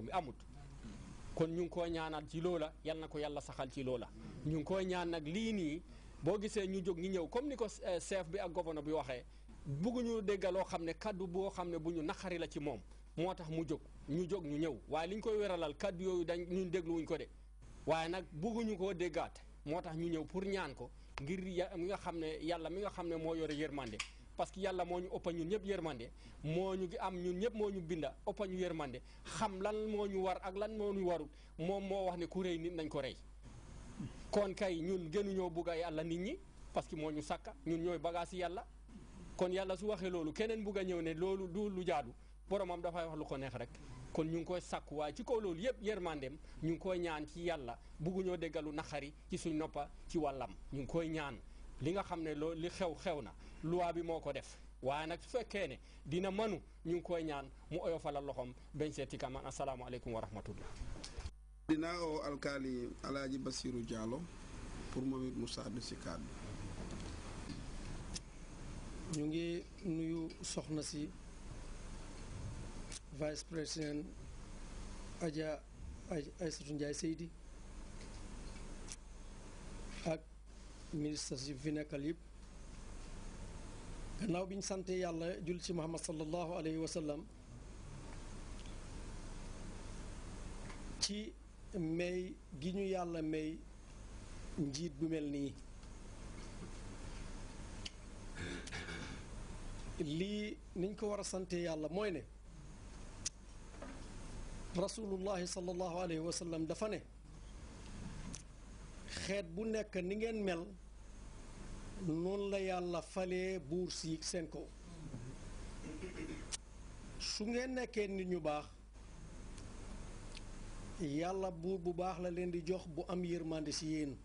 mi amut kon ñu ngi koo ñaanal ci loo la yal na ko yàlla saxal ci loo la ñu ngi koy ñaan nag lii nii boo gisee ñu jóg ñu ñëw comme ni ko eh, chef bi ak gouverneur bi waxee bugguñu dégg loo xam ne kàddu boo xam ne bu ñu naqari la ci moom moo tax mu jóg ñu jóg ñu ñëw waaye li koy wéralal kaddu yooyu dañ ñun dégluwuñ ko de waaye nag bugguñu koo déggaat moo tax ñu ñëw pour ñaan ko ngir ya mi nga xam ne yàlla mi nga xam ne moo yore yërmande parce que yàlla moo ñu ëppa ñun ñëpp yërmande moo ñu am ñun ñëpp moo ñu binda oppa ñu yërmande xam lan moo ñu war ak lan moo ñu warul moom moo wax ne ku rëy nit nañ ko rey kon kay ñun gënuñoo bugg a yàlla nit ñi parce que moo ñu sàkka ñun ñooy bagaasi yàlla kon yàlla su waxee loolu keneen bugg a ñëw ne loolu du lu jaadu boromam dafay wax lu ko neex rek kon ñu ngi koy sàkku waaye ci kaw loolu yëpp yërmandeem ñu ngi koy ñaan ci yàlla bugguñoo déggalu naqari ci suñ noppa ci wàllam ñu ngi koy ñaan li nga xam ne loolu li xew xew na loi bi moko def waaye nak su ne dina manu ñu koy ñaan mu oyofalal loxoom bañ seeti assalamu alaykum wa rahmatullah dina o alkali Basiru jalo. pour momit it de ci si ñu ngi nuyu soxna ci vice aja ay Aïssatou ndjay Seydi ak ministre ci vinakalib gannaaw bi ñu sante yàlla jul ci muhammad sallallahu alayhi wasalam ci may gi ñu yàlla may njiit bu mel nii lii niñ ko war a santee yàlla mooy ne rasulullahi sallallahu alayhi wa sallam dafa ne xeet bu nekk ni ngeen mel noonu la yàlla falee buur si seen kaw su ngeen nekkee nit ñu baax yàlla buur bu baax la leen di jox bu am yërmande si yéen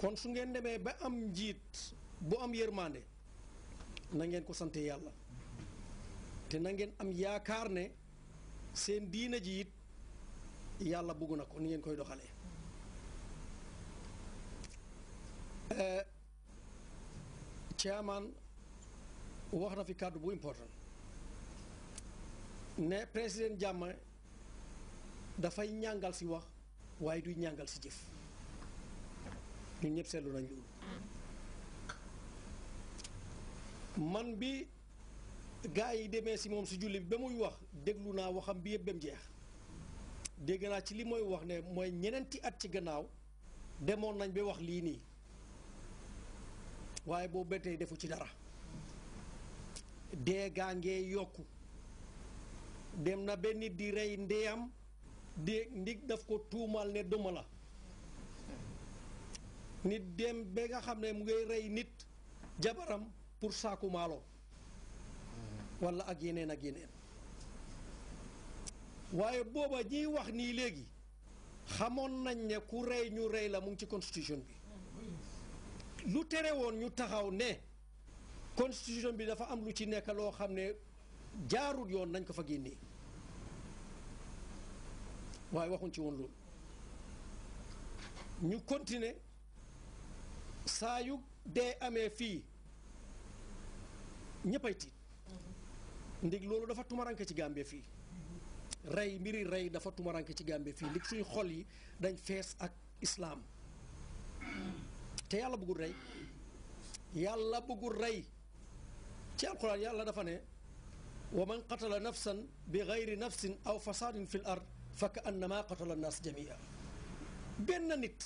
kon su ngeen demee ba am njiit bu am yërmande na ngeen ko sante yàlla te na ngeen am yaakaar ne seen diina ji it yàlla bugg na ko ni ngeen koy doxalee euh, chairman wax na fi kàddu bu important ne président da fay ñangal ci wax way du ñangal si jëf ñu ñëpp sélu nañ loolu man bi gaay yi démé ci mom su julli bi bamuy wax déglu na waxam bi yëpp ba jeex dégg na ci li moy wax ne moy ñenenti at ci gannaaw démon nañ ba wax li ni waaye boobu ba tey defu ci dara dee gaa ngee yokku dem na benn di rey ndeyam de ndig daf ko tuumal ne duma la nit dem ba nga xam ne mu ngay rey nit jabaram pour saaku maalo walla ak yeneen ak yeneen waaye booba ñiy wax nii léegi xamoon nañ ne ku rey ñu rey la mu ngi ci constitution bi lu tere woon ñu taxaw ne constitution bi dafa am lu ci nekk loo xam ne jaarul yoon nañ ko fa génnee waaye waxuñ ci woon loolu ñu continuer saa yu dee amee fii ñëppay tiit ndig loolu dafa tumaranke ci Gambie fii rey mbiri rey dafa tumaranke ci Gambie fii ndig suñ xol yi dañ fees ak islaam te yàlla bëggul rey yàlla bëggul rey ci alquran yàlla dafa ne wa man qatala nafsan bi gayri nafsin aw fasaadin fi l ard fa ka annama qatala naas jamia benn nit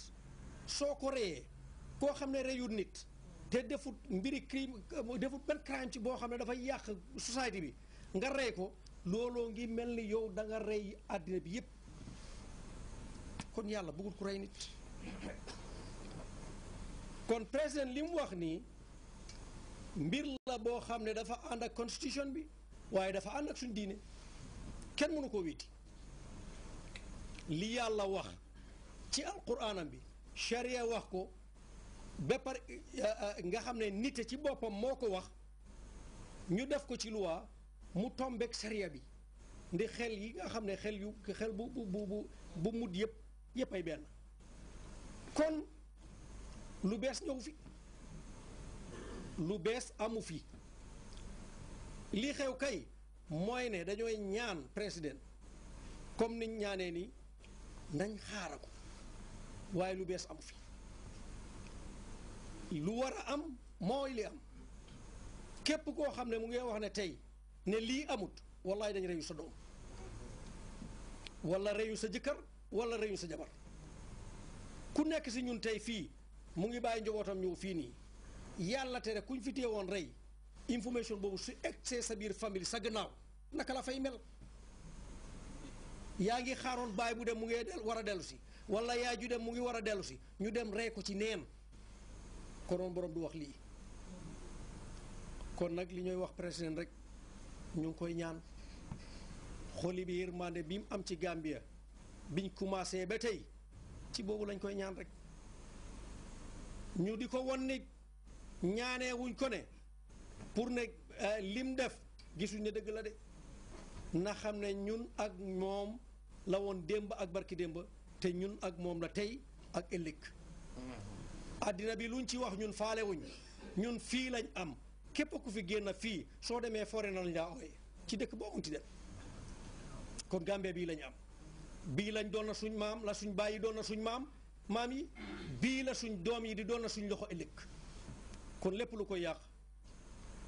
soo ko reyee koo xam ne reyut nit te defut mbiri crime defut benn crime ci boo xam ne dafay yàq société bi nga rey ko looloo ngi mel ni yow danga nga rey àddina bi yépp kon yàlla bëggul ko rey nit kon président li mu wax nii mbir la boo xam ne dafa ànd ak constitution bi waaye dafa ànd ak suñ diine kenn mënu ko wiiti li yàlla wax ci alquraanam bi charia wax ko ba euh, nga xam ne nit ci boppam moo ko wax ñu def ko ci loi mu tombeek charia bi ndi xel yi nga xam ne xel yu xel bu bu bu bu mut yëpp yëpp ay benn kon lu bees ñëw fi lu bees amu fi li xew kay mooy ne dañooy ñaan président comme niñ ñaanee ni nañ xaaral waaye lu bees amu fi lu war a am mooy li am képp koo xam ne mu ngi wax ne tey ne lii amut wallaay dañ reyu sa doom wala reyu sa jëkkër wala reyu sa jabar ku nekk si ñun tey fii mu ngi bàyyi njobotam ñu fi ni yalla téré kuñ fi téye reuy information bobu su excès sa bir famille sa gnaaw naka la fay mel yaangi xaron xaaroon bu dem mu ngi del wara delu ci wala ya ju dem mu ngi wara delu ci ñu dem reey ko ci neen borom du wax li kon nak li ñoy wax président rek ñu koy ñaan xoli bi yërmande bi am ci Gambia biñ commencé ba tay ci bobu lañ koy ñaan rek ñu di ko won ni ñaanee wuñ ko ne pour ne euh, lim def gisuñ ne dëgg la de na xam ne ñun ak moom la woon démb ak barki démb te ñun ak moom la tey ak ëllëg àddina bi luñ ci wax ñun faale ñun fii lañ am képp ku fi génn fii soo demee foore na lañ laa ooye ci dëkk boo munti dem kon Gambie bii lañ am bii lañ doon na suñ maam la suñ bàyyi doon na suñ maam maam yi bii la suñ doom yi di doon na suñ loxo ëllëg kon lépp lu koy yàq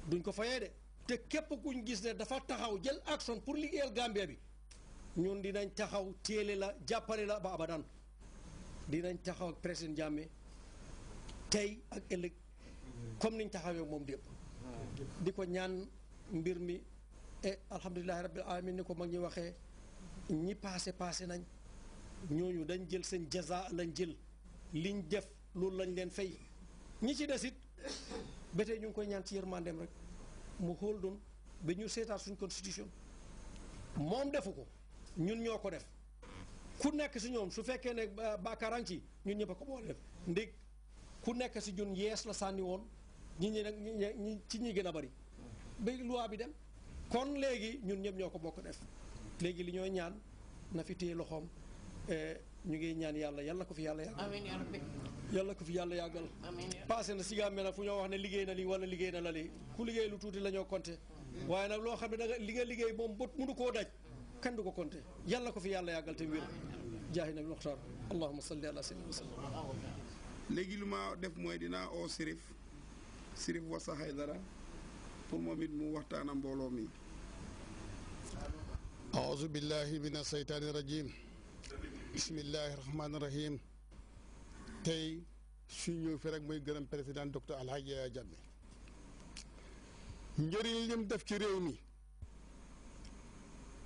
duñ ko fayee de te képp kuñ gis ne dafa taxaw jël action pour liggéeyal Gambia bi ñun dinañ taxaw téele la jàppale la ba abadan dinañ taxaw ak président jàmme tey ak ëllëg comme niñ taxawee moom dépp di ko ñaan mbir mi e eh, alhamdulilahi rabbil ni ko mag ñi waxee ñi paase paase nañ ñooñu dañ jël seen jaza lañ jël liñ def loolu lañ leen fay ñi ci des it ba tey ñu ngi koy ñaan ci yërmandeem rek mu xool doon ba ñu seetaat suñ constitution moom defu ko ñun ñoo ko def ku nekk si ñoom su fekkee ne bàkkaaraan ci ñun ñëpp a ko boole def ndég ku nekk si ñun yees la sànni woon ñi ñi nag ñi ci ñi gën a bari ba loi bi dem kon léegi ñun ñëpp ñoo ko bokk def léegi li ñooy ñaan na fi téye loxoom Eh, ñu ngi ñaan yàlla yàlla ko fi yàlla yàggal. amiin yaa rabbi. yàlla ko fi yàlla yàggal. amiin na si Gambie nag fu ñoo wax ne liggéey na lii wala liggéey na la lii ku liggéey lu tuuti lañoo ñoo compté waaye nag loo xam ne danga li nga liggéey moom bët mënu koo daj kan du ko conté yàlla ko fi yàlla yàggal te wér jaahi nabi muxtaar allahuma salli ala sayyidina wa sallam léegi lu ma def mooy dinaa oo sirif sirif wasa haydara pour moom it mu waxtaana mbooloo mi aouzu billahi min asaytaani rajim bismillahi rahmaani rahim tey su ñëw fi rek mooy gërëm président docteur Alhaji Yaya Jammeh njëriñ lim def ci réew mi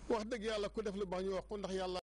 wax dëgg yàlla ku def lu baax ñu wax ko ndax yàlla